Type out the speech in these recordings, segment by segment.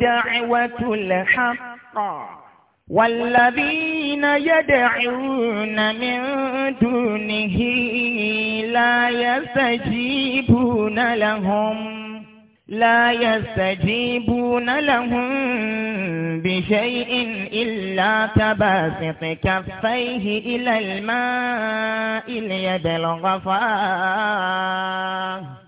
دعوة الحق والذين يدعون من دونه لا يستجيبون لهم لا يستجيبون لهم بشيء إلا تباسط كفيه إلى الماء ليبلغ فاه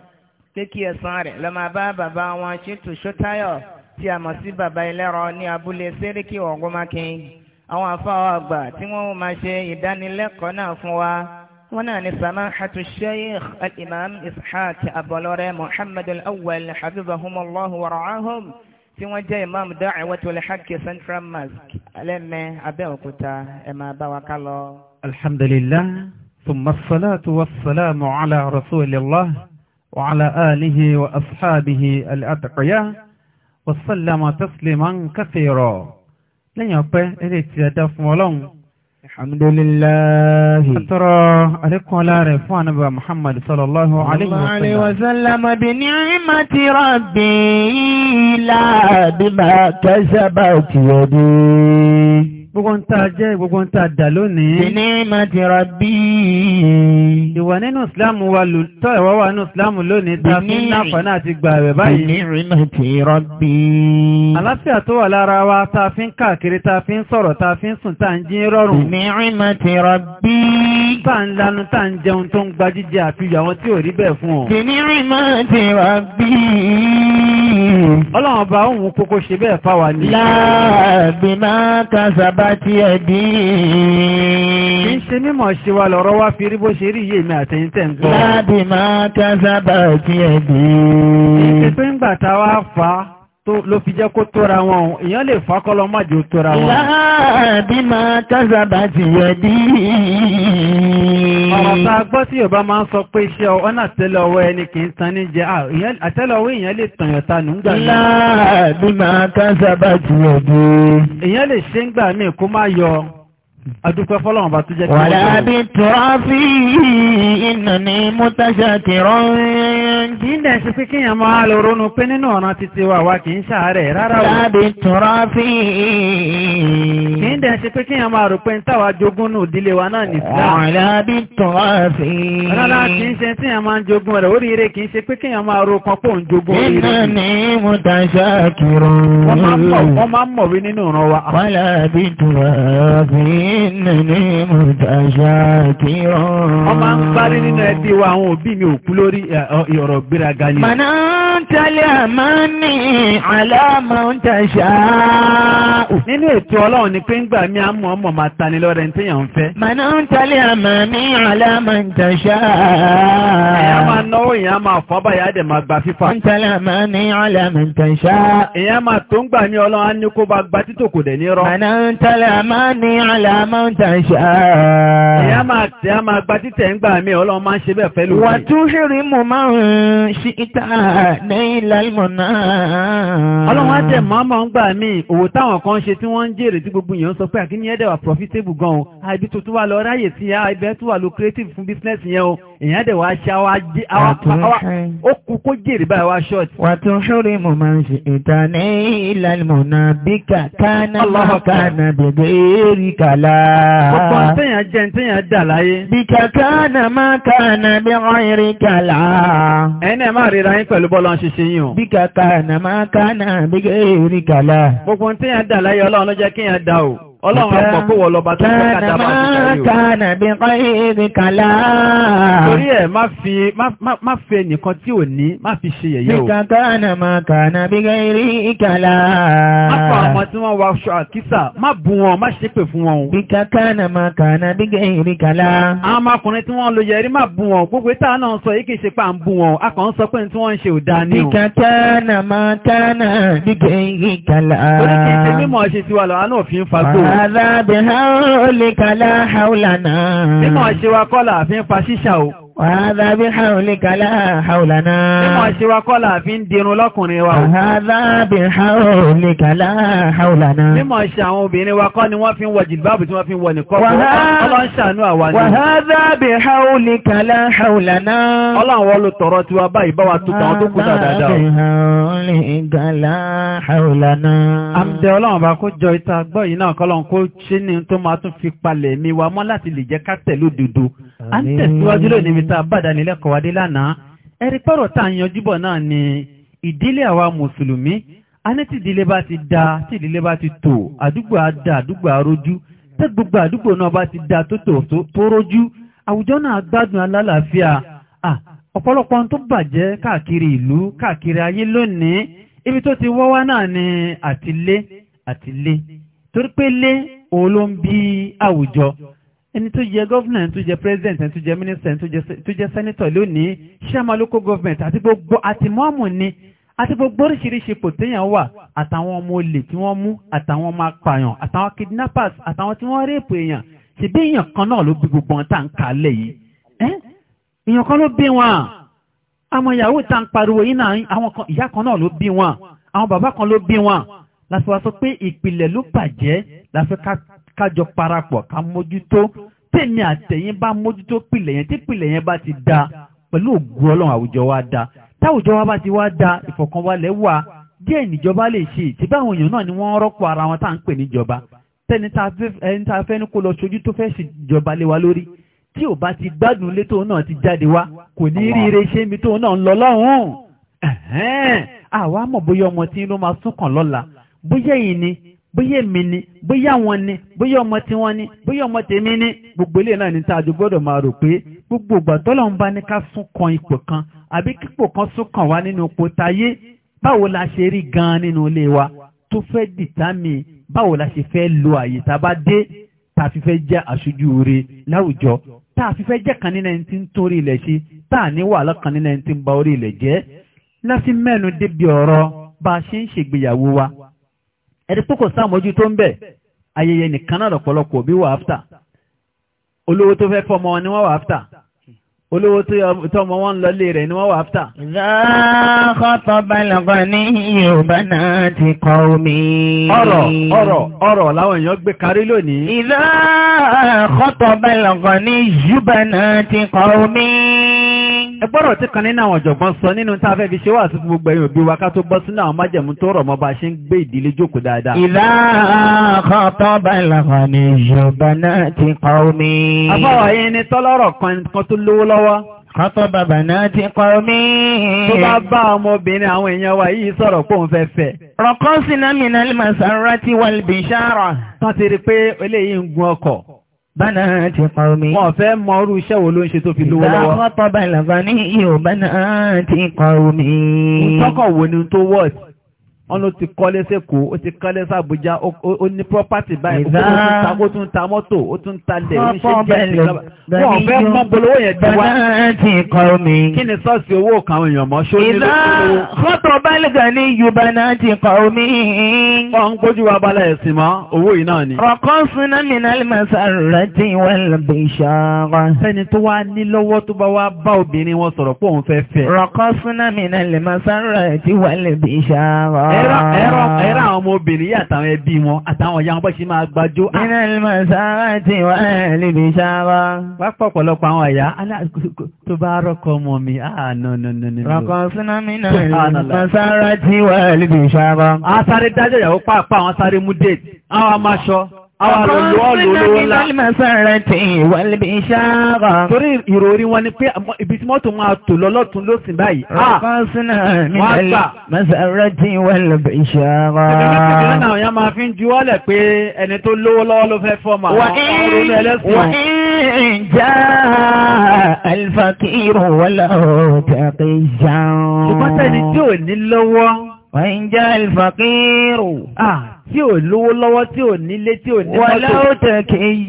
pé kí ẹ̀san rẹ̀ lọ máa bá bàbá wọn Ṣítù Ṣótáyọ̀ tí a mọ̀ sí bàbá ẹlẹ́rọ ní abúlé Séríkì Ọ̀gọ́mákin àwọn afáwọ̀ àgbà tí wọ́n máa ṣe ìdánilẹ́kọ̀ọ́ náà fún wa wọ́n náà ní samahatu sheikh al-imam ishaq abọlọ́rẹ́ muhammad al-awwal habibahumallahu warahum tí wọ́n jẹ́ imam da'watul haqq central mosque alẹ́mẹ́ abẹ́òkúta ẹ̀ máa bá wa ká lọ. alhamdulillah thumma salatu wa salamu ala rasulillah. وعلى آله وأصحابه الأتقياء وسلم تسليما كثيرا لن يبقى إليك يدف ولون الحمد لله أترى عليكم لا رفوان محمد صلى الله عليه وسلم وسلم بنعمة ربي لا بما كسبت يدي gbogbo ń tàà jẹ́ gbogbo ń wà nínú ìsìláàmù wa lòtọ́ ẹ̀wọ́ wà nínú ìsìláàmù lónìí ta fún náfàná àti gbà rẹ̀ báyìí. Ìrìnà tó wà lára wa ta fi ń káàkiri ta fi ń sọ̀rọ̀ ta fi ń sùn ta ń jí rọrùn. Ìrìnà ń lanu tá ń jẹun tó ń gba jíjẹ àfihàn àwọn tí ò rí bẹ́ẹ̀ fún ọ. Ọlọ́run bá òun kókó ṣe bẹ́ẹ̀ fá wa ní. Láàbí máa kásàbá ti ẹ̀dín. Kì í ṣe mímọ̀ ṣe wa lọ̀rọ̀ wá fi rí bó ṣe rí yé mi àtẹ̀yìn tẹ̀ ń gbọ́. láti máa kásábà kí ẹ dé. èyí tó ń gbà tá a wá fà á ló fi jẹ́ kó tóra wọn o èèyàn lè fà kọ́lọ́ má jò tóra wọn. láti máa kásábà kí ẹ dé. ọ̀rọ̀ tá a gbọ́ tí yorùbá máa ń sọ pé iṣẹ́ ọ̀nà àtẹ́lẹ̀ ọwọ́ ẹni kì í tan ní jẹ àtẹ́lẹ̀ ọwọ́ èèyàn lè tàyàn ta nù ńgbà náà. máa kásábà kí ẹ dé. èèyàn lè ṣe ń gbà míì kó má yọ. Adúpẹ́ fọ́lọ́wọ̀n bá tó jẹ́ kí wọ́n tó. Wàlábí tó á fi ìnà ní mútàṣà kìrọ̀ ń kì í dẹ̀ ṣe pé kíyàn máa lọ ronú pé nínú ọ̀nà títí wà wá kì í ṣàárẹ̀ rárá o. Láàbí tọ́rọ fi. Kì í dẹ̀ ṣe pé kíyàn máa rò pé táwa jogún nù ìdílé wa náà nìsílá. Láàbí tọ́rọ fi. Rárá kì í ṣe tí yàn máa ń jogún rẹ̀ oríire kì í ṣe pé kíyàn máa ro kan jogún oríire. mi òkú lórí ọ̀rọ̀ gbéraga ni. màná tẹ́lẹ̀ àmọ́ ní àlámọ́ ń tẹ̀sà. nínú ètò ọlọ́run ni pé ń gbà mí àmọ́ ọmọ máa tani lọ́rẹ̀ ní téèyàn ń fẹ́. màná tẹ́lẹ̀ àmọ́ ní àlámọ́ ń tẹ̀sà. ẹ̀yà máa náwó ìyá máa fọ́ báyà dẹ̀ máa gba fífà. ń tẹ́lẹ̀ àmọ́ ní àlámọ́ ń tẹ̀sà. ìyá máa tó ń gbà mí ọlọ́run á ní kó bá gba títò kò dẹ̀ ní rọ. màná tẹ́lẹ̀ àmọ́ ní àlámọ́ ń tẹ̀sà. ìyá ṣíkítà ní ìlàlmọ̀nà. ọlọ́run á tẹ̀ mọ́mọ́ ń gbà mí òwò táwọn kan ṣe tí wọ́n ń jèrè tí gbogbo èèyàn sọ pé àkíní ẹ̀dẹ̀ wà profitable gan-an àbí tuntun wà lọ ráyè sí ibẹ̀ tó wà lọ creative fún business yẹn o èèyàn dẹ̀ wá ṣe ó kú kó jèrè báyìí wá ṣọ́ọ̀tì. wà tó ṣúrí mo máa ń ṣe ìta ní ìlànà bíkà kánà máa kánà bèbè èrì kàlá. ọ̀pọ̀ téèyàn jẹ́ téèyàn dà láyé. bíkà kánà máa kánà bí wọ́n èrì kàlá. ẹni ẹ̀ máa ríra yín pẹ̀lú bọ́lá ṣiṣẹ́ yín o. bíkà kánà máa kánà bí èrì kàlá. gbogbo téèyàn dà láyé ọlọ́run ló jẹ́ kéèyàn dà o. Ọlọ́run ọ̀pọ̀ kó wọ lọba tó fẹ́ kádà máa ti ṣàrí o. Kánà bí kọ́ ìrìn kàlá. Torí ẹ̀ má fi ẹnìkan tí ò ní má fi ṣe yẹ̀yẹ́ o. Bíkà kánà máa kánà bí kọ́ ìrìn kàlá. Má fọ àwọn tí wọ́n wọ aṣọ àkísà, má bù wọn, má ṣépè fún wọn o. Bíkà kánà máa kánà bí kọ́ ìrìn kàlá. Àwọn lọ, àánú òfin fagbó àdábìhàn olè kàlá àúlànà. Nínú àṣewakọ́là fi ń pa ṣíṣà o. Wàhádá bí haúlé kálá haúlànà. Mímọ̀ ṣe wa kọ́ là fi ń dirun lọ́kùnrin wa. Wàhádá bí haúlé kálá haúlànà. Mímọ̀ ṣe àwọn obìnrin wa kọ́ ni wọ́n fi ń wọ jìlbáàbù tí wọ́n fi ń wọ nìkọ́. Wàhádá bí haúlé kálá haúlànà. Ọlọ́run wọ́n ló tọrọ tí wa báyìí bá wa tó tàwọn tó kù bí haúlé kálá haúlànà. náà kọ́lọ́run a ń tẹ̀síwájú lónìí mi ta bàdánilẹ́kọ̀ọ́ adé lánàá ẹ̀rí pọ̀rọ̀ tá à ń yanjú bọ̀ náà ni ìdílé àwa mùsùlùmí a ní tí ìdílé bá ti da tí ìdílé bá ti tò àdúgbò àdá àdúgbò àrójú tẹ́ gbogbo àdúgbò náà bá ti da tó tò tó rójú àwùjọ náà gbádùn alálàáfíà ọ̀pọ̀lọpọ̀ ohun tó bàjẹ́ káàkiri ìlú káàkiri ayé lónìí ibi tó ti wọ́wá náà ni àtilé àtilé torí pé lé òun ló ń bí àwùjọ ẹni tó jẹ gọ́fìnà ẹni tó jẹ president ẹni tó jẹ minister ẹni tó jẹ senator lónìí ṣẹ́mà local government àti gbogbo àtìmọ́ọ̀mù ni àti gbogbo oríṣiríṣi ipò téèyàn wà àtàwọn ọmọ olè tí wọ́n mú àtàwọn ọmọ apààyàn àtàwọn kidnappers àtàwọn tí wọ́n rèèpù èèyàn ṣèbí èèyàn kan náà ló bí gbogbo wọn tá à ń kalẹ̀ yìí èèyàn kan ló bí wọn àwọn ìyàwó tá à ń pariwo yìí náà àwọn ìyá kan náà ló bí wọn àwọn bàbá kan ló bí wọn láti wá sọ pé ìpìlẹ̀ ló bàjẹ́ láti ká kájọ parapọ̀ ká mójútó tèmi àtẹ̀yìn bá mójútó pìlẹ̀ yẹn tí pìlẹ̀ yẹn bá ti da pẹ̀lú ògùn ọlọ́run àwùjọ wa da táwùjọ wa bá ti wá da ìfọ̀kànbalẹ̀ wà díẹ̀ níjọba lè ṣe tí báwọn èèyàn náà ni wọ́n rọ́pò ara wọn tá à ń pè níjọba tẹ́ni tá a fẹ́ ní kó lọ ṣojú tó fẹ́ ṣèjọba lé wa lórí tí ò bá ti gbádùn ilé tóun náà ti jáde wá kò ní rí ire ṣé mi tóun náà ń lọ lọ́hùn-ún àwa mọ̀ bóyá ọmọ tí ló máa súnkàn lọ́la bóyá yìí ni bóyá èmi ni bóyá wọn ni bóyá ọmọ tí wọn ni bóyá ọmọ tèmi ni gbogbo ilé náà ní tá a jọ gbọ́dọ̀ máa rò pé gbogbo ìgbà tọ́lọ̀ ń bá ní ká sún kan ipò kan àbí kípò kan sún kàn wá nínú ipò táyé báwo la ṣe rí gan-an nínú ilé wa tó fẹ́ dìtámì báwo la ṣe fẹ́ lo àyè tá a bá dé tá a fi fẹ́ jẹ́ aṣojú rere láwùjọ tá a fi fẹ́ jẹ́ kan nínú ẹni tí ń torí ilẹ̀ ṣe tá a ní wàhálà kan nínú ẹni tí ń ba orí ilẹ̀ jẹ́ láti débi ọ̀rọ̀ bá a ṣe ń ṣègbéyàwó wa ẹni tó kò sàmójú tó ń bẹ̀ ayẹyẹ nìkan náà lọ́pọ̀lọpọ̀ òbí wà áfítà olówó tó fẹ́ fọmọ ni wọ́n wà áfítà olówó tó ọmọ wọn lọ rẹ̀ ni wọ́n wà áfítà. Záàkọ́tọ̀ balọ̀gọ́ ní Yorùbá náà ti kọ́ omi. Ọ̀rọ̀ ọ̀rọ̀ ọ̀rọ̀ láwọn èèyàn gbé karí lónìí. Ìzáàkọ́tọ̀ balọ̀gọ́ ní Yorùbá náà ti kọ́ omi ẹgbọ́rọ̀ tí kan nínú àwọn ọ̀jọ̀gbọ́n sọ nínú tá a fẹ́ fi ṣe wà sí gbogbo ẹ̀yìn òbí wa ká tó bọ́ sínú àwọn májẹ̀mú tó rọ̀ mọ́ bá ṣe ń gbé ìdílé jókòó dáadáa. ìlà àkọ́tọ́ bàlàkà ni yorùbá náà ti kọ́ omi. àbáwọ̀ yẹn ni tọ́lọ́rọ̀ kan tó lówó lọ́wọ́. Kọ́tọ́ bàbà náà ti kọ́ mí. Tó bá bá ọmọbìnrin àwọn èèyàn wa yìí sọ̀rọ̀ pé òun fẹ́ fẹ́. Bánà ti kọ̀ọ̀mí. Wọ́n fẹ́ mọ orú iṣẹ́ wo ló ń ṣe tó fi lówó lọ́wọ́. Ìgbà wọ́n tọ́ bá ìlànà ní ihò ti kọ̀ọ̀mí. Ìtọ́kọ̀ wo ni tó wọ́ọ̀sì? ọ̀nà ti kọ́lé sẹ́kù ó ti kọ́lé sàbújá ó ní property báyìí ó tún ta mọ́tò ó tún ta lẹ̀ ó ṣe jẹ́ ìjọba wọn fẹ́ mọ́ polówó yẹn ti wá kí ni sọ́ọ̀sì owó kàwọn èèyàn mọ́ ṣó nílò polówó. fọ́tò bálùgà ní yorùbá náà ti kọ́ omi. wọn ń gbójú wa balẹ̀ ẹ̀sìn mọ́ owó yìí náà ni. ọkọ súná mi náà lè máa sàrùrà tí wọ́n lè bẹ ìṣàrà. sẹ́ni tó wá ní lọ́wọ́ tó bá wá bá obìnrin wọn sọ̀rọ̀ pé òun fẹ́ fẹ́. ọkọ súná mi náà lè máa sàrùrà tí wọ́n lè bẹ ìṣàrà. Ah. ẹ̀rọ àwọn ọmọbìnrin yà àtàwọn ẹbí wọn àtàwọn ìyá wọn bọ́ máa gbájó. Ah. nínú ìlmọ̀ sára ti wà níbi sára. wá pọ̀pọ̀lọpọ̀ àwọn àyà tó bá rọ́kọ ọmọ mi àánú nínú nínú. rọ́kọ súná mi náà ìlmọ̀ sára ti wà níbi sára. a sáré dájọ́ ìyàwó pàápàá àwọn sáré mú déètì àwọn amáṣọ Torí ìròrí wọn ni pé ibi tí mọ́tò máa tò lọ́lọ́tún ah! ló sì báyìí. Àkọ́sínà nílẹ̀ Mẹ́sàrẹ́tì wẹ́lẹ̀bẹ̀ ìṣàrà. Ẹgbẹ̀rẹ̀ náà ya máa fi ń juwọ́lẹ̀ pé ẹni tó lówó lọ́wọ́ ló fẹ́ fọ́ máa. Wà ń já alfakiru wọ́lọ́ tàbí jàun. Ṣùgbọ́n tẹ́ni tí ò ní lọ́wọ́. Wà ń já alfakiru. Ah! tí ò lówó lọ́wọ́ tí ò nílé tí ò ní mọ́tò. wọ́lá ò tẹ̀ kí n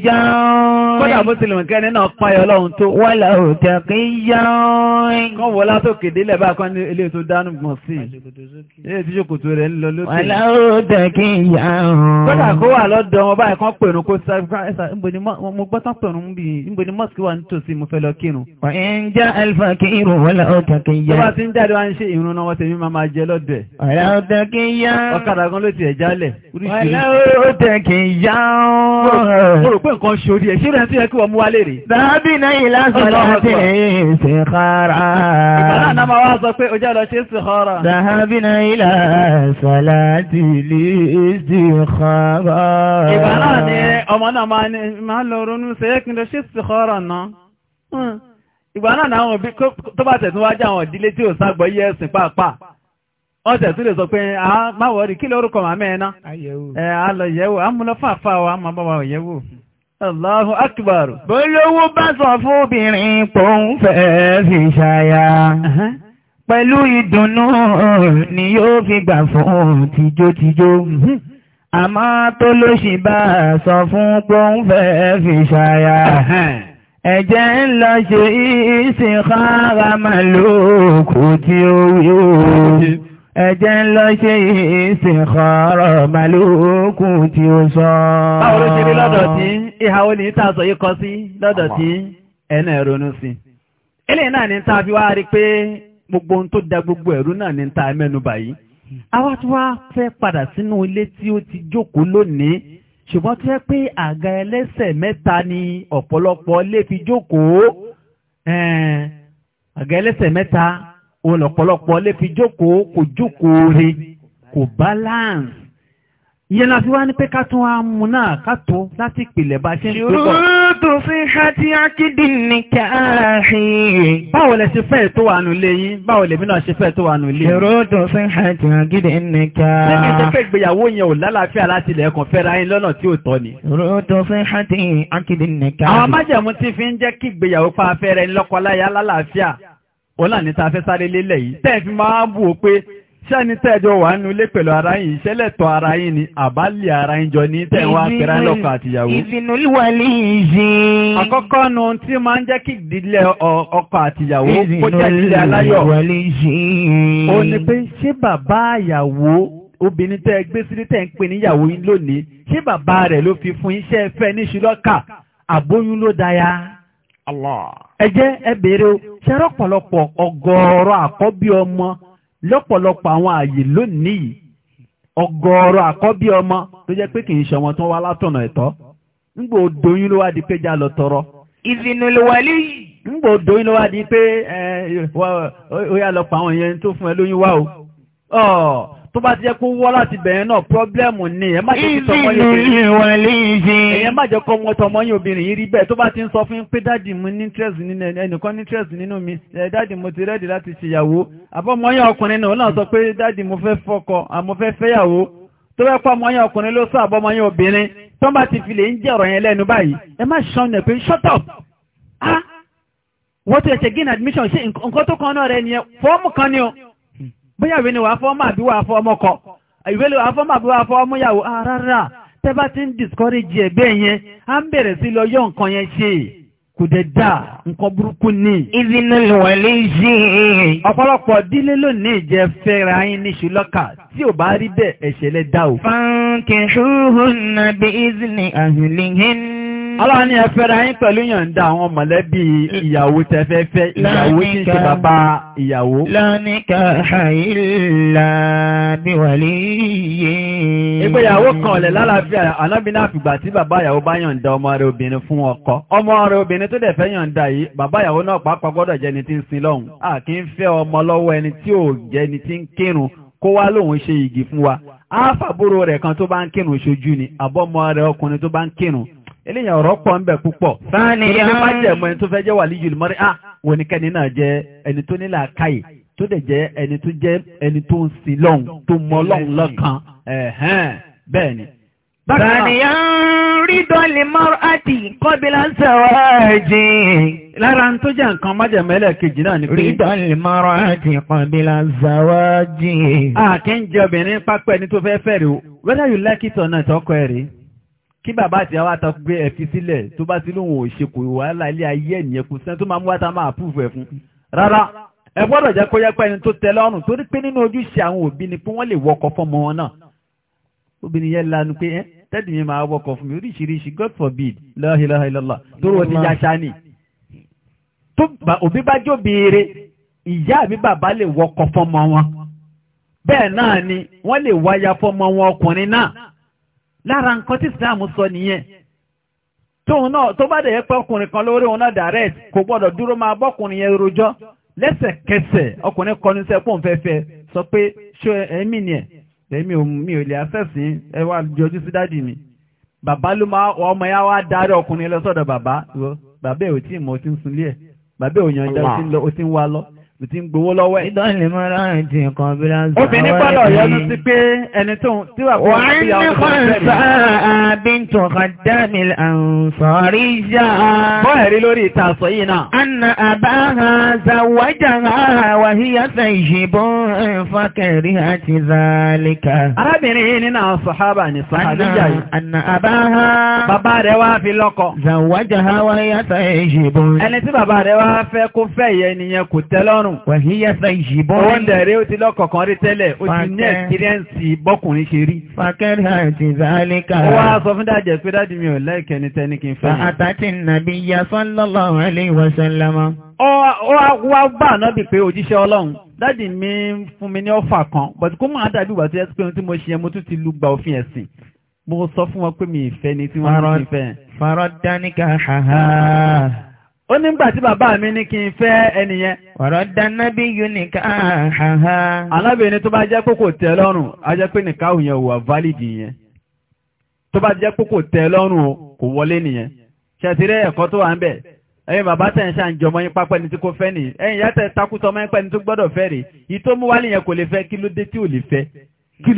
kódà bó kẹ́ni náà pààyà ọlọ́run tó. wọ́lá ò tẹ̀ kí n yá ọ́n. kọ́ tó kéde lẹ́bàá kan ní ilé tó dánú gbọ̀n sí i. ilé tí ṣòkòtò rẹ̀ ń lọ lókè. wọ́lá ò tẹ̀ kí n kódà kó wà lọ́dọ̀ wọn báyìí kan pèrún kó sá mo gbọ́ tán pèrún bí níbo mo fẹ́ lọ kírun. ń jáde wá ń ṣe Wàláwó tẹ̀ kì í yá ọ́n. Mo rò pé nǹkan ṣe orí ẹ̀, ṣé ìrìn àti ẹ̀kú ọmú wálé rè? Bàbí náà yìí lásán láti ìsìnkárà. Ìbára náà máa wá sọ pé ojú ọ̀lọ́ ṣe ìsìnkárà. Bàbí náà yìí lásán láti ìsìnkárà. Ìbára ni ọmọ náà máa ń lọ ronú ṣe é kí n lọ ṣe ìsìnkárà náà ìgbà náà náà àwọn òbí tó bá tẹ̀síwájú àwọn ìdílé tí ò ságbọ́ yẹ́ ẹ̀sìn pàápàá wọ́n tẹ̀ sí lè sọ pé a ah, máa wọ́rí kí lórúkọ màmá ẹ̀ a lọ yẹ̀wò a mú fún àfà wa máa bá yẹ̀wò Allahu akbar. Bólówó bá sọ fún obìnrin pò ń fẹ́ fi ṣaya. Pẹ̀lú ìdùnnú ni yóò fi gbà fún tìjótìjó. Àmọ́ tó ló ṣì bá sọ fún pò ń fẹ́ fi ṣaya. Ẹ̀jẹ̀ ń lọ ṣe ìsìnkára màlúù kò tí ó wí ó. Ẹjẹ́ ń lọ ṣe ìsìnkọ̀ọ̀rọ̀ màlúkùn tí ó sọ. Báwo ló ṣe rí lọ́dọ̀ tí ìhàwó ní ìtàṣọ yíkọ sí lọ́dọ̀ tí ẹ̀nà ẹ̀rọnú sí. Ilé náà ní ta fi wá rí pé gbogbo ohun tó da gbogbo ẹ̀rú náà ní ta mẹ́nubà yìí. Àwọn tí wá fẹ́ padà sínú ilé tí ó ti jókòó lónìí ṣùgbọ́n tó yẹ pé àga ẹlẹ́sẹ̀ mẹ́ta ni ọ̀pọ̀lọpọ̀ lè fi jókòó àga ẹlẹ́sẹ̀ mẹ́ta òun ọ̀pọ̀lọpọ̀ lè fi jókòó kò jókòó re kò balance ìyẹn la fi wá ní pé ká tún wá mú náà ká tó láti ìpìlẹ̀ bá ṣe ń pè bọ̀. ṣòro fi hati akidi ní káàkiri. báwo lẹ ṣe fẹ́ tó wà nù léyìn báwo lèmi náà ṣe fẹ́ tó wà nù léyìn. ṣòro fi hati akidi ní káàkiri. lẹ́yìn ìjẹ́pẹ́ ìgbéyàwó yẹn ò lálàáfíà láti ilẹ̀ ẹ̀kan fẹ́ra yín lọ́nà tí ò tọ́ ni. ṣòro fi hati akidi ní káàkiri. àwọn májẹ̀mú ti fi ń jẹ́ kí ìgbéyàwó pa afẹ́rẹ́ ńlọ́kọ láyà lálàáfíà ọ̀là ní ta fẹ́ sáré lélẹ̀ yìí tẹ́ fi máa bù ó pé sẹ́ni tẹ́jọ wà nínú ilé pẹ̀lú ara yìí ṣẹlẹ̀tọ̀ ara yìí ni àbálẹ̀ ara yìí jọ ní tẹ̀wọ́ apẹ̀rẹ̀ lọ́kọ àtìyàwó. ìfìnnúwẹ̀lì ìṣe. àkọ́kọ́ nu tí máa ń jẹ́ kí ìdílé ọkọ àtìyàwó kó jẹ́ ìdílé aláyọ̀. ìfìnnúwẹ̀lì ìṣe. ó ní pé ṣé bàbá àyàwó obìnrin tẹ́ gbé sílé tẹ́ ń pè níyàwó yín lónìí ṣé bàbá rẹ̀ ló fi fún iṣẹ́ fẹ́ níṣ ẹ jẹ́ ẹ o ṣe rọ́pọ̀lọpọ̀ ọgọ́rọ̀ àkọ́bí ọmọ lọ́pọ̀lọpọ̀ àwọn ààyè lónìí ọgọ́rọ̀ àkọ́bí ọmọ tó jẹ́ pé kì í ṣe tó wá látọ̀nà ẹ̀tọ́ ńgbò doyún ló wá di pé tọrọ. ìzìnnú ló ló wá di pé ó lọ fún ẹ lóyún o. tó bá ti jẹ́ kó wọ́ láti bẹ̀rẹ̀ náà pọ́blẹ́mù ni ẹ má jẹ́ kí tọmọ yóò bìnrin ẹ má jẹ́ kọ́ tọmọ yóò bìnrin yìí rí bẹ́ẹ̀ tó bá ti ń sọ fún pé dáàdì mo ní interest nínú ẹnìkan ní interest nínú mi eh, dáàdì mo ti rẹ́dì láti ṣèyàwó àbọ̀mọ́ ọkùnrin náà náà sọ pé dáàdì mo fẹ́ fọkọ àmọ́ fẹ́ fẹ́yàwó tó fẹ́ pọ́ mọ́ ọkùnrin ló bóyàwó ni wàá fọ́ọ́mà afọ wàá fọ́ọ́mọ́ kọ ìwé ni wàá fọ́ọ́mà bí wàá fọ́ọ́mọ́ yàwó ah, rárá tẹ́bá ti ń discourage ẹgbẹ́ yẹn á ń bẹ̀rẹ̀ sí lọ yọ nǹkan yẹn ṣe kò dà nǹkan burúkú ni. ìdínà ìwọlé ṣe é. ọ̀pọ̀lọpọ̀ dílé lónìí jẹ́ fẹ́ra yín tí ò bá rí bẹ́ẹ̀ dá o. fáńkì ṣùgbọ́n Allah ní ẹfẹ́ra yín pẹ̀lú yọ̀ǹda àwọn mọ̀lẹ́bí ìyàwó tẹfẹ́fẹ́ ìyàwó tí ń ṣe bàbá ìyàwó. Lọ́níkà àìlà bí wà lè yé. Ìgbéyàwó kan ọ̀lẹ̀ lálàáfíà alábìnrin àfìgbà tí bàbá ìyàwó bá yọ̀ǹda ọmọ rẹ̀ obìnrin fún ọkọ. Ọmọ rẹ̀ obìnrin tó dẹ̀ fẹ́ yọ̀ǹda yìí, bàbá ìyàwó náà pàápàá gbọ́dọ̀ jẹ́ ni tí ń sin lọ́hùn. A kì í fẹ́ ọmọ lọ́wọ́ ẹni tí eléyàn ọ̀rọ̀ pọ̀ ń bẹ púpọ̀. sáni yá ló máa jẹ̀mọ́ ẹni tó fẹ́ jẹ́ wàlí yìí mọ́rí ah wọ́n ní kẹ́ni náà jẹ́ ẹni tó nílà káyè tó dẹ̀ jẹ́ ẹni tó jẹ́ ẹni tó ń sin lọ́hùn tó mọ lọ́hùn lọ́kàn bẹ́ẹ̀ ni. sáni ń rí dọ́lì mọ́rọ́ àti kọ́bílá ń sẹ̀wáàjì. lára ń tó jẹ́ nǹkan májẹ̀mọ́ ẹlẹ́ẹ̀kejì náà ni pé. rí dọ́lì mọ́rọ́ whether you like it or not ọkọ ẹ̀ kí bàbá àti àwọn àtàkù gbé ẹ̀fi sílẹ̀ tó bá ti lóun ò ṣe kò wàhálà ilé ayé ẹ̀nìyẹn kò sẹ́ni tó máa mú wá tá máa àpúùfù ẹ̀ fún rárá ẹ gbọ́dọ̀ jẹ́ kó yẹ ẹni tó tẹ lọ́rùn torí pé nínú ojúṣe àwọn òbí ni pé wọ́n lè wọkọ̀ fọ́mọ wọn náà obìnrin yẹn lanu pé ẹ mi máa wọkọ̀ fún mi oríṣiríṣi God forbid la ilaha illallah torí o ti ya ṣáni tó òbí bá jó béèrè ìyá àbí bàbá lè wọkọ̀ fọ́mọ wọn lára nǹkan tí sọ nìyẹn tóun náà tó bá dẹ̀ pé ọkùnrin kan lórí òun náà kò gbọ́dọ̀ dúró máa bọ́kùnrin yẹn rojọ́ lẹ́sẹ̀kẹsẹ̀ ọkùnrin kọni sẹ́ sọ pé ṣé ẹ̀mí ni ẹ̀ ẹ̀mí ò lè ẹ wá ọmọ wá darí ọkùnrin lọ sọ́dọ̀ bàbá bàbá ò tí ì mọ̀ ó ti ló ti ń gbowó lọ́wọ́ ẹ̀. ìdánilè máa láàrin ti nǹkan abẹ́lá ń sọ àwọn ẹ̀rí. obìnrin gbọ́dọ̀ yọnu sí pé ẹni tó ń tí wà fún ọ̀rọ̀ ìyá ọ̀rọ̀ fakẹ̀rí àti arábìnrin yìí nínú àwọn sàhábà ní sàhábíyà yìí. anna àbáha. bàbá rẹ̀ wá fi lọ́kọ. zawajà wa hiya fẹ̀yìnbó. ẹni tí bàbá rẹ̀ wá fẹ́ kó fẹ́ yẹ nìyẹn kò tẹ́ lọ́hùn. wàhíyá fẹ́ yìí bọ́ ní. owó ń dẹ̀rẹ́ ó ti lọ́kọ̀ọ̀kan rí tẹ́lẹ̀ ó ti ní ẹ̀kírẹ́ǹsì bọ́kùnrin ṣe rí. fàkẹ́rì àti zálíkà. ó wá sọ fún dàjẹ́ pé dádì mi ò láìkẹ́ ní tẹ́ni kí n fẹ́. àtàtì nàbí ya sallallahu alaihi wasallam. ó wá bá ànábì pé òjíṣẹ́ ọlọ́run dádì mi fún mi ní ọ̀fà kan bọ̀dù kó máa dàbí ìgbà tó yẹ pé ohun tí mo ṣe mo tún ti lu gba òfin ẹ̀sìn mo sọ fún wọn pé mi ìfẹ́ ni tí wọ́n ti fẹ́. farọ́ dáníkà ha ha ó nígbà tí bàbá mi ní kí n fẹ́ ẹnìyẹn. ọ̀rọ̀ dáná bí unica àhàhà. alábìnrin tó bá jẹ́ pé kò tẹ́ lọ́rùn á jẹ́ pé nìkan òyìn òwà válìdì yẹn tó bá jẹ́ pé kò tẹ́ lọ́rùn kò wọlé nìyẹn ṣètìrẹ́ ẹ̀kọ́ tó wà ń bẹ̀ ẹ̀yin bàbá tẹ̀ ń ṣàǹjọmọ́ yín pápẹ́ ní tí kò fẹ́ nìyí ẹ̀yin ìyá tẹ̀ takùtọ̀ mọ́ ẹ̀pẹ́ ní tó gbọ́dọ̀ fẹ́ rèé yìí tó kò lè fẹ́ kí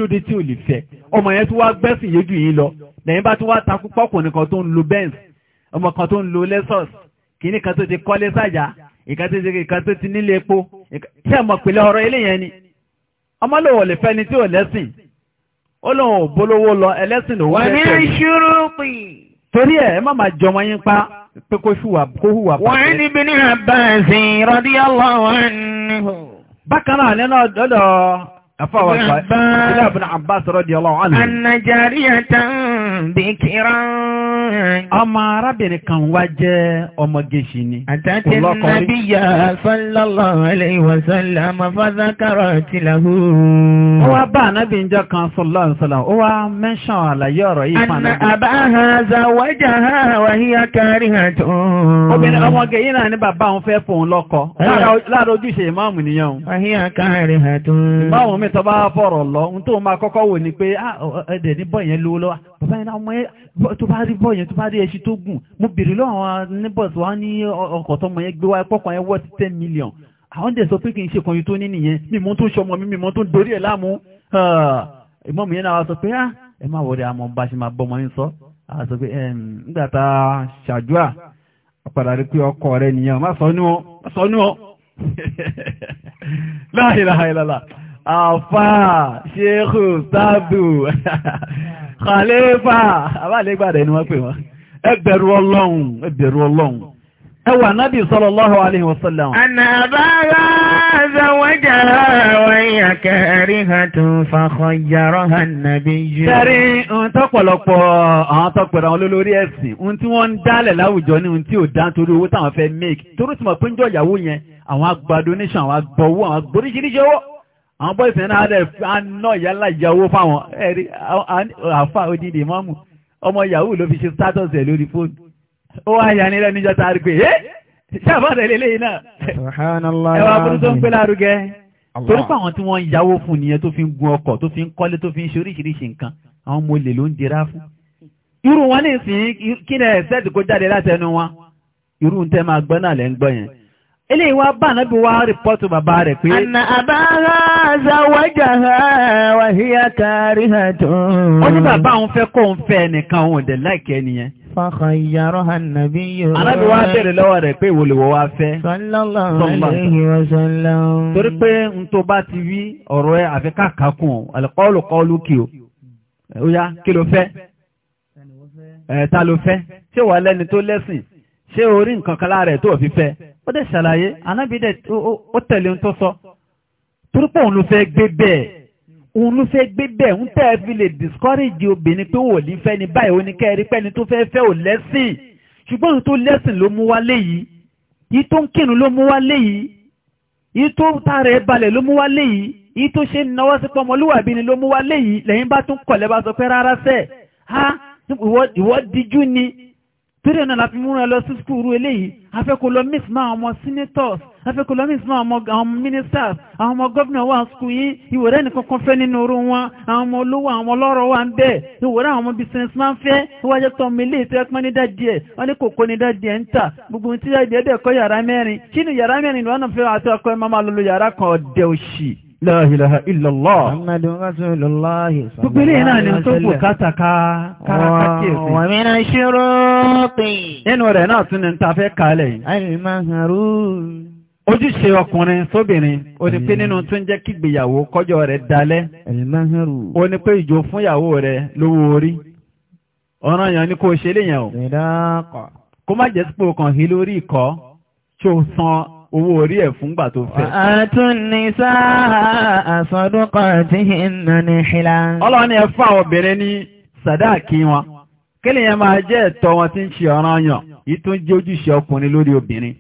kìíní kan tó ti kọ́lé sájà ìkan tó ti nílé epo ṣé mọ̀ pìlẹ̀ ọ̀rọ̀ eléyẹn ni ọmọlòwò lè fẹ́ ni tí ò lẹ́sìn ó lóun ò bólówó lọ ẹlẹ́sìn ló wọ́n fẹ́ torí ẹ̀ má máa jọmọ yín pa pé kó hùwà pàdé. wọ́n ní Ibn Abbas radiyallahu anhu. bákan náà nínú ọ̀dọ́ àfọwọ́sọ ilé Ibn Abbas radiyallahu anhu. anna jariyatan ذكرا ọmọ arábìnrin kan wá jẹ́ ọmọgéṣì ni. àtàtì nàbíyà sallallahu alayhi wa sallam fadhakara tilahu ó wá bá ànábì ń jọ kan sallallahu ó wá mẹ́ṣàn àlàyé ọ̀rọ̀ yìí fún ànábì. àbá àhàzà wájà wa hiya karihatu. obìnrin ọmọge yìí náà ní bàbá òun fẹ́ fòun lọ́kọ eh? lára ojúṣe ìmáàmù nìyẹn o. wa hiya karihatu. ìmáàmù mi tọ́ fọ̀rọ̀ lọ ohun tó máa kọ́kọ́ wò ni pé ah, ẹ̀dẹ̀ ní bọ̀ yẹn lówó lọ́wọ́ bàbá yẹn ọmọ àwọn dẹ̀ sọ pé kí n ṣe kan yìí tó ní nìyẹn mímọ́ tó ṣọmọ mi mímọ́ tó dorí ẹ̀ láàmú ah, ìmọ̀mù yẹn náà wá sọ pé á ah, ẹ má wọlé àmọ́ bá ṣe máa bọ́mọ yín sọ á sọ pé nígbà tá a ṣàdúrà ọ̀padà rí pé ọkọ rẹ nìyẹn má sọ nú ọ má sọ nú ọ láìláìlàlà àfà ṣéhù sábù khalifa àbálẹ́gbàdà ẹni wọ́n pè wọ́n ẹ ọlọ́run ẹ ọlọ́run ẹwà nábì sallallahu alaihi wasallam. ànàbára àzọwọ́jà wáyà kẹrí hàtún fàkọjàrọ̀ hànàbí jù. sẹ́rí ohun tọ́pọ̀lọpọ̀ àwọn tọ́pẹ̀rẹ̀ àwọn olólórí ẹ̀sìn ohun tí wọ́n ń dálẹ̀ láwùjọ ní ohun tí ò dá torí owó táwọn fẹ́ make torí tí mo pín jọ ìyàwó yẹn àwọn agba donation àwọn agbọ̀wọ́ àwọn gboríṣiríṣi owó àwọn bọ́ìsì náà rẹ̀ ná ìyálà ìyàwó fáwọn ẹ̀rí ó wá yà nílẹ̀ níjọ́ tá a rí pé ẹ́ ṣàfàdà lélẹ́yìn náà ẹwà burú tó ń pè lárugẹ torí pé àwọn tí wọ́n ń yáwó fún nìyẹn tó fi ń gun ọkọ̀ tó fi ń kọ́lé tó fi ń ṣe oríṣiríṣi nǹkan àwọn ọmọ olè ló ń dira fún irú wọn ní ìsìn kí ni ẹ̀sẹ̀tì kó jáde láti ẹnu wọn irú ń tẹ́ máa gbọ́ náà lẹ́ ń gbọ́ yẹn ilé ìwà bá náàbí wá rìpọ́tù bàbá rẹ̀ pé àna àbára zawajaha wàhíyà kárí hàtó ó ní bàbá òun fẹ́ kó òun fẹ́ ẹnìkan òun dẹ̀ láìkẹ́ nìyẹn Fàkànyàrọ́hà nàbí yóò. Alábi wá bèèrè lọ́wọ́ rẹ̀ pé ìwòlèwọ́ wá fẹ́. Sallallahu wa sallam. Torí pé n tó bá ti wí ọ̀rọ̀ ẹ àfi káàkakùn alqawlu qawlu kì ó. Ó yá kí ló fẹ́? Ẹ̀ta ló fẹ́? Ṣé wà lẹ́ni tó lẹ́sìn? Ṣé orí nǹkan kan lára ẹ̀ tó fi fẹ́? Ó dẹ̀ ṣàlàyé, anábìdẹ̀ ó tẹ̀lé ń tó sọ. Torí pé òun ló fẹ́ gbé bẹ́ẹ̀ òun ló fẹ́ gbé bẹ́ẹ̀ ń tẹ́ fi lè discourage obìnrin pé wò ní fẹ́ni báyìí oníkẹ́rí pẹ́ni tó fẹ́ fẹ́ ò lẹ́sìn ṣùgbọ́n òun tó lẹ́sìn ló mú wálé yìí yìí tó ń kírun ló mú wálé yìí yìí tó tààrà ẹ̀ balẹ̀ ló mú wálé yìí yìí tó ṣe náwó sí pọmọlúwàbí ni ló mú wálé yìí lẹ́yìn bá tún kọ̀lẹ́ bá sọ pé rárá sẹ́ẹ̀ ha ìwọ díjú ni torí ọ̀nà la fi múra lọ sí skúrú eléyìí afẹ́kọ̀ọ́ lọ miss afẹ́kọ̀lọ́mí fún àwọn ministers àwọn ọmọ gọ́ọ̀nà wà skú yí ìwòrẹ́ nìkankan fẹ́ nínú orú wọn àwọn ọmọ olówó àwọn ọlọ́rọ̀ wà ń bẹ̀ ìwòrẹ́ àwọn ọmọ businessman fẹ́ wájẹ́ tọ́ mílé tó ẹpọ́n ní dájẹ́ wọ́n ní kòkó ní dájẹ́ ń tà gbogbo tí dájẹ́ dẹ̀ kọ́ yàrá mẹ́rin kí ni yàrá mẹ́rin lọ́nà fẹ́ àti ọkọ̀ ẹ̀ máa lọ́lọ́ yàrá kan ọ̀dẹ̀ òṣì La ilaha illallah. Muhammadu Rasulullah. Gbogbo ilé náà ni tó bù kátàkà káràkàkì èsì. Wa mina shuruti. Nínú rẹ̀ náà tún ni ta fẹ́ kalẹ̀ yìí. Al-mahrum. ojúṣe ọkùnrin sóbìnrin o ní pé nínú tó ń jẹ́ kí ìgbéyàwó rẹ̀ dalẹ̀ o ní pé ìjò fún ìyàwó rẹ̀ lówó orí ọ̀ràn yẹn ni kò ṣe léyàn o kó má jẹ́ sípò kàn hí lórí ìkọ́ tí san owó orí ẹ̀ fúngbà tó fẹ́. àtúnisá àsọdúnkọ̀ tí iná ní ṣílá. ọlọ́ni ẹ fún àwọn obìnrin ní sàdáàkì wọn kí lè yẹn máa jẹ́ ẹ̀tọ́ wọn tí ń ṣe ọ̀ràn yàn ìtúnjẹ́ ojúṣe ọkùnrin lórí obìnrin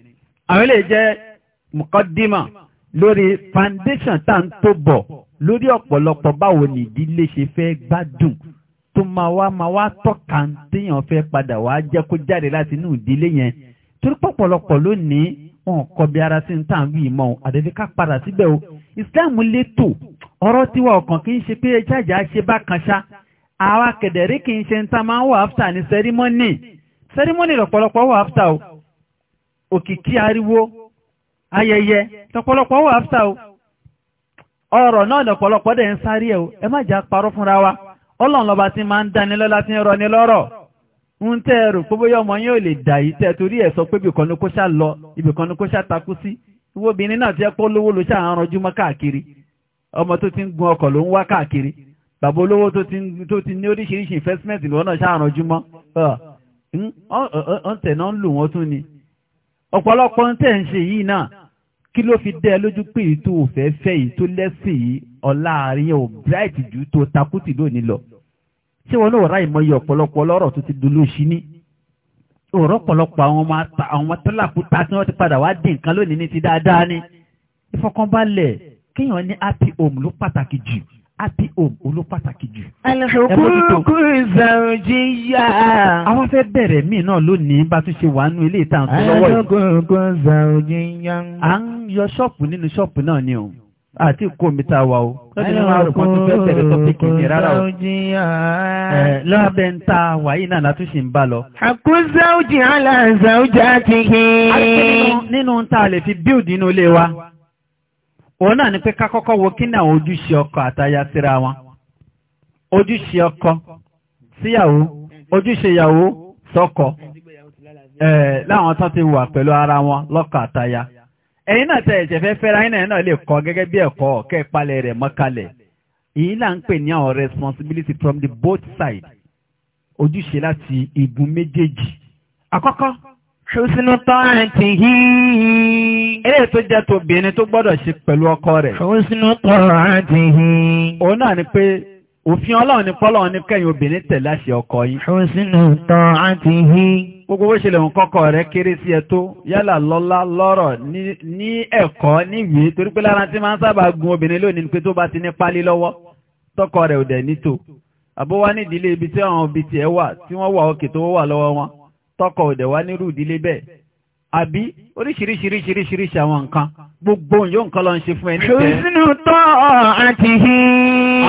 àwọn ilé jẹ́ mùkọ́dímà lórí foundation tá ń tó bọ̀ lórí ọ̀pọ̀lọpọ̀ báwo ni ìdílé ṣe fẹ́ gbádùn tó máa wá máa wá tọ́ka téèyàn fẹ́ padà wá jẹ́ kó jáde láti inú ìdílé yẹn torí pọ̀pọ̀lọpọ̀ lónìí wọn kọ bí ara sí ń tàn wí ìmọ̀ àdẹ́fẹ́ ká padà síbẹ̀ o Islam létò ọ̀rọ̀ tiwa ọ̀kan kì í ṣe pé jájà ṣe bá kan ṣá àwa kẹ̀dẹ̀rí kì í ṣe ń ta máa ń wà áfítà ní sẹ́rímọ́nì sẹ́rímọ́nì lọ́pọ̀lọpọ̀ wà áfítà òkìkí ariwo ayẹyẹ tọ̀pọ̀lọpọ̀ wà áfíà o ọ̀rọ̀ náà lọ̀pọ̀lọpọ̀ dẹ̀ ń sáré o ẹ má jà fúnra wa ọlọ́run lọba ti máa ń dání lọ́lá ti ń rọ ni lọ́rọ̀ ń tẹ́ ẹrù pé bóyá ọmọ yóò lè dà yìí torí sọ pé ibìkan ni kó ṣá lọ ibìkan ni kó ṣá takú sí ìwọ obìnrin náà ti ẹ́ pọ́ lówó ló ṣá káàkiri ọmọ tó ti ń gun ọkọ̀ ló ń wá káàkiri bàbá olówó tó ti ní oríṣiríṣi investment lọ́wọ́ náà ṣá ọ mọ́ ọ̀ǹtẹ̀ náà ń lò wọ́n tún ni ọ̀pọ̀lọpọ̀ ń tẹ̀ ń ṣe yìí náà kí ló fi dẹ́ lójú pé èyí tó fẹ́ fẹ́ yìí tó lẹ́sìn yìí ọ̀la àárín ò bright ju tó takùtì lónìí lọ ṣé wọn náà ráì mọyì ọ̀pọ̀lọpọ̀ ọlọ́rọ̀ tó ti dolóṣì ní òrọ́ pọ̀lọpọ̀ àwọn ọmọ tọ́làkúta tí wọ́n ti padà wá dé nǹkan lónìí ní ti dáadáa ní ìfọkànbalẹ̀ kéèyàn ní happy home ló pàtàkì jù happy home olú pàtàkì jù. Àlùkùkù zàrùjíyà. Àwọn fẹ́ bẹ̀rẹ̀ míì náà lónìí bá tún ṣe wà ilé ìtàn tó lọ́wọ́ yìí. Àlùkùkù zàrùjíyà. À ń yọ ṣọ́ọ̀pù nínú ṣọ́ọ̀pù náà ni o. Àti kò mi ta wa o. Lọ́bẹ̀ ń ta wàyí náà látún ṣì ń bá lọ. Àkúzáwùjì aláǹzáwùjà ti hìn. Àti nínú ta lè fi bíòdì inú ilé wa. òun náà ni pé ká kọ́kọ́ wo kí ni ojúṣe ọkọ ataya síra wọn ojúṣe ọkọ síyàwó ojúṣe ìyàwó ẹ láwọn tán ti wà pẹ̀lú ara wọn lọkọ ataya. ẹ̀yin náà tẹ̀ ẹ̀jẹ̀ fẹ́ẹ́ fẹ́ra ẹ̀yin náà lè kọ́ gẹ́gẹ́ bí ẹ̀kọ́ kẹ́ re rẹ̀ mọ́kalẹ̀ èyí là ń pè ní responsibility from the both sides ojúṣe láti igun méjèèjì àkọ́kọ́. Eré tó jẹ́ tó bìnrin tó gbọ́dọ̀ ṣe pẹ̀lú ọkọ rẹ̀. Husnu ta'atihi. Òun náà ni pé òfin ọlọ́run ní pọ́lọ́run ní kẹ́yìn obìnrin tẹ̀lé àṣẹ ọkọ yín. Husnu ta'atihi. Gbogbo bó ṣe lè ń kọ́kọ́ rẹ̀ kéré sí ẹ tó yálà lọ́lá lọ́rọ̀ ní ẹ̀kọ́ níwèé torí pé lára tí máa ń sábà gun obìnrin lónìí pé tó bá ti ní pálí lọ́wọ́ tọkọ rẹ̀ ò dẹ̀ nítò. Àbó wá nídìílé ibi tí àwọn òbí tiẹ̀ wà tí wọ́n wà òkè tó wà lọ́wọ́ wọn tọkọ ò dẹ̀ wá nírú ìdílé bẹ́ẹ̀ àbí oríṣiríṣiríṣiríṣiríṣi àwọn nǹkan gbogbo yóò nǹkan lọ ń ṣe fún ẹni tẹ́. ṣùsùnù tọ́ àti hì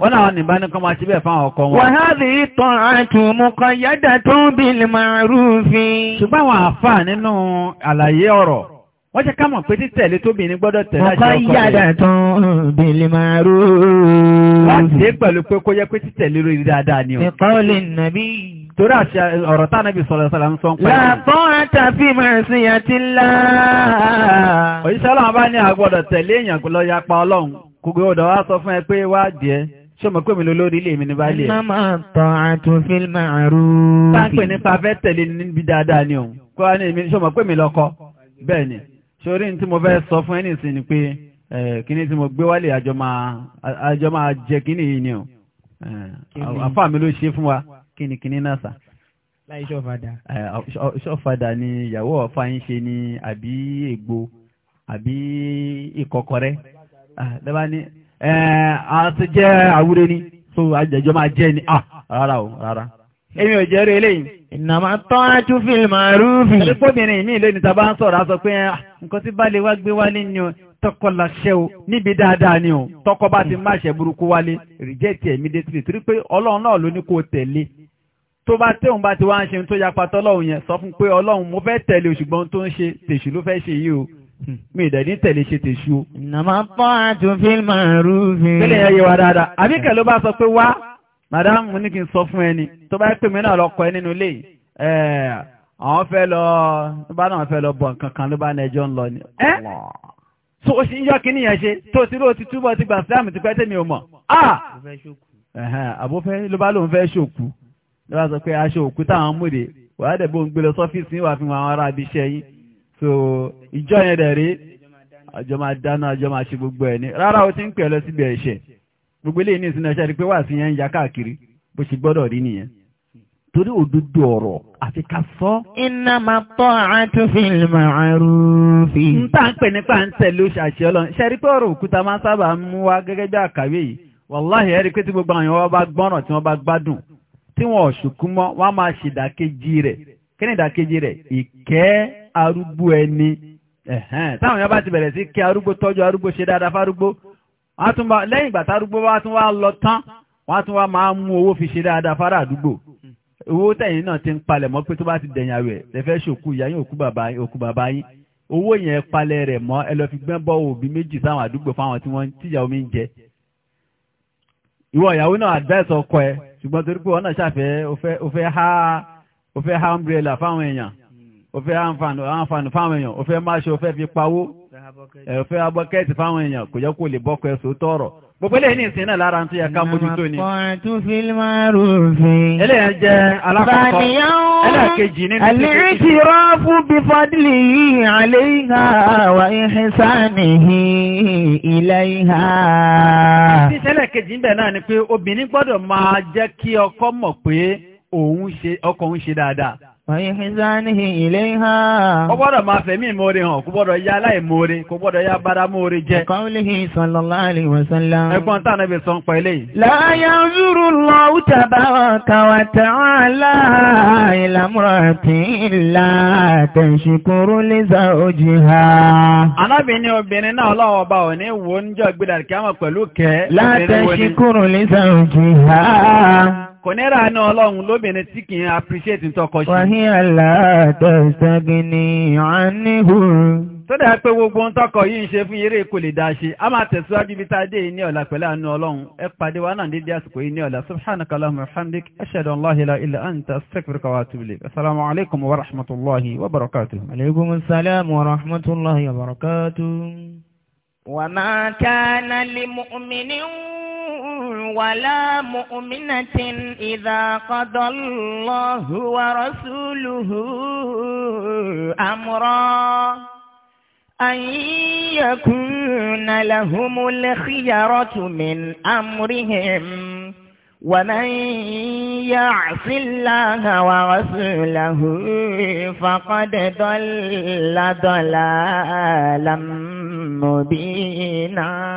wọ́n náà nìbá ní kọ́ máa ti bẹ̀ fáwọn ọkọ wọn. wàhálì ìtàn àtùmùkọ yádà tó ń bí màrúfin. ṣùgbọ́n àwọn àfà nínú àlàyé ọ̀rọ̀ wọ́n jẹ́ ká mọ̀ pé títẹ̀lé tóbìnrin gbọ́dọ̀ tẹ̀lé àṣẹ ọkọ rẹ̀. ọkọ yádà tó ń bí màrúfin. wọ́n ti pẹ̀lú pé kó yẹ pé títẹ̀lé lórí dáadáa ni o. ìkọ́lé nàbí torí àṣà ọ̀rọ̀ tá nàbí sọ̀rọ̀sọ̀rọ̀ ń sọ ń pẹ́. Làbọ́ àtàfí máa sí àti ńlá. Òyíṣẹ́ ọlọ́run bá ní àgbọ̀dọ̀ tẹ̀lé èèyàn lọ yapa ọlọ́run. gbogbo ọ̀dọ̀ wá sọ fún ẹ pé wá jẹ́ ṣé mọ̀ pé mi lólórí ilé mi ní bá lè. iná máa tọ́ àtúnfín màrún. pápẹ́ nípa fẹ́ tẹ̀lé níbi dáadáa ni òun kó wá ní mọ̀ pé mi tí mo fẹ́ sọ fún ẹ nìsín ni pé kíní tí mo gbé wálé àjọ máa jẹ kíní yìí ni o àfáà mi ló ṣe fún wa kíní kíní náà sà láì ni ìyàwó ọ̀fà ń ṣe ni àbí ègbò àbí ìkọkọrẹ́ lẹ́bá eh, ní àti eh, jẹ́ àwúre ní so àjẹjọ́ máa jẹ́ ní ah, rárá o rárá èmi ò jẹ́rú eléyìí ìnàmà tọ́ra tún fi màrúfì ẹlẹ́gbọ́bìnrin mi lè ní tàbá ń sọ̀rọ̀ aṣọ pé ah, nǹkan tí bá lè wá gbé wálé ni o tọkọ láṣẹ o níbi dáadáa ni o tọkọ bá ti máṣẹ burúkú wálé rìjẹ́tì ẹ̀mí dé sílẹ̀ torí pé ọlọ́run náà ló ní kó tẹ̀lé tó bá téun bá ti wá ń ṣe tó yapa tọ́lọ́run yẹn sọ fún pé ọlọ́run mo fẹ́ tẹ̀lé ṣùgbọ́n tó ń ṣe tèṣù ló fẹ́ ṣe yìí o mi ìdẹ̀dí tẹ̀lé ṣe tèṣù o. ìnàmà pọ́ àtúnfin máa rúfin. tẹ́lẹ̀ yẹn yé wa dáadáa àbíkẹ́ ló bá sọ pé wá madam mo ní kí n sọ fún ẹni tó bá pè mí náà lọ kọ ẹ nínú ilé ẹ àwọn fẹ́ lọ tó bá náà fẹ́ lọ bọ nǹkan kan ló bá ní ẹjọ́ ń lọ ni. ẹ tó o ṣe ń yọ kíní yẹn ṣe tó o ti rò ó ti túbọ̀ ti gbà sílámù ti pẹ́ tèmi ò mọ̀ àbófẹ́ ló bá lóun fẹ́ ṣòkú ló bá sọ pé aṣọ òkú táwọn múde wàá dẹ̀ bó ń gbé lọ sọ́fíìsì wà àwọn ará ibi iṣẹ́ yín so ìjọ yẹn dẹ̀ rí àjọ máa dáná àjọ máa ṣe gbogbo ẹ̀ ní rárá o ti ń pè ẹ lọ síbi ẹ̀ṣẹ̀ gbogbo eléyìí ní ìsinmi ẹ̀ṣẹ̀ rí pé wà sí yẹn ń ya káàkiri bó ṣe gbọ́dọ̀ rí nìyẹn torí òdodo ọ̀rọ̀ àti ká sọ. iná máa tọ́ àtúnfin n tá ń pè nípa ń tẹ̀lé oṣù àṣẹ ọlọ́run ṣe rí gbogbo àwọn bá tí wọ́n bá gbádùn tí wọ́n ò ṣùkú arúgbó ẹni táwọn èèyàn bá ti bẹ̀rẹ̀ sí kí arúgbó tọ́jú arúgbó ṣe dáadáa fárúgbó wọ́n tún bá lẹ́yìn ìgbà tárúgbó wá tún wá lọ tán wọ́n tún wá máa mú owó fi ṣe dáadáa fárá àdúgbò owó tẹ̀yìn náà ti ń palẹ̀ mọ́ pé tó bá ti dẹ̀yìn àwẹ̀ lẹ́fẹ́ ṣòkú ìyá yín òkú bàbá yín òkú bàbá yín owó yẹn palẹ̀ rẹ̀ mọ́ ẹ lọ fi gbẹ́ bọ́ òbí méjì sáwọn àdúgbò fáwọn tí wọ́n tíjà omi ń jẹ ìwọ ìyàwó náà advice ọkọ ẹ ṣùgbọ́n torí pé wọ́n náà ṣàfẹ́ ó ha ó fẹ́ ha umbrella fáwọn èèyàn ó fẹ́ àǹfààní fáwọn èèyàn ó máa ṣe ó fi pawó ó abọ́kẹ́ẹ̀tì fáwọn èèyàn kò yẹ kó lè bọ́kọ ẹ̀sọ́ tọ̀rọ̀ gbogbo eléyìí ìsìn náà lára tó yẹ ká mójútó ni. eléyìí jẹ́ alákọ̀ọ́kọ́ ẹlẹ́ẹ̀kejì nínú ìsìn. àlẹ́ẹ̀tì rọ́ọ̀fù bí fọ́dílì yìí àléhà wà ìhìnsánìhì ìlẹ́hà. ìṣẹ̀lẹ̀ kejì ń bẹ̀ náà ni pé obìnrin gbọ́dọ̀ máa jẹ́ kí ọkọ mọ̀ pé òun ṣe ṣe dáadáa. Ìhìnzáníhì ilé ha. Ó gbọ́dọ̀ máa fẹ̀mí ìmóre hàn, kò gbọ́dọ̀ ya aláìmóre, kò gbọ́dọ̀ ya bára móre jẹ́. Qawlihi sallallahu alaihi wasallam. Ẹgbọ́n tàà náà bè sọ ń pẹ̀ lè. La yanzurullahu tabaraka wa ta'ala ila imra'atin La tashkuru li zawjiha. Anábì ní obìnrin náà lọ́wọ́ bá ò ní wo ń jọ gbé kò ní rà ní ọlọ́run lóbìnrin tí kì í appreciate tọkọ ṣe. wàhí aláàtọ̀ ìṣẹ́gbìnì àníhù. tó dẹ̀ pé gbogbo ń tọkọ yìí ń ṣe fún eré kò lè dá ṣe a máa tẹ̀síwájú bí tá a dé ní ọ̀la pẹ̀lú àánú ọlọ́run ẹ pàdé wa náà dédé àsìkò yìí ní ọ̀la subhanaka allahumma wa hamdik ashhadu an la illa anta wa atubu ilayk assalamu alaykum wa rahmatullahi wa barakatuh. aleykum salaam wa rahmatullahi wa barakatuh. wa ma kana li ولا مؤمنة إذا قضى الله ورسوله أمرا أن يكون لهم الخيرة من أمرهم ومن يعص الله ورسوله فقد ضل ضلالا مبينا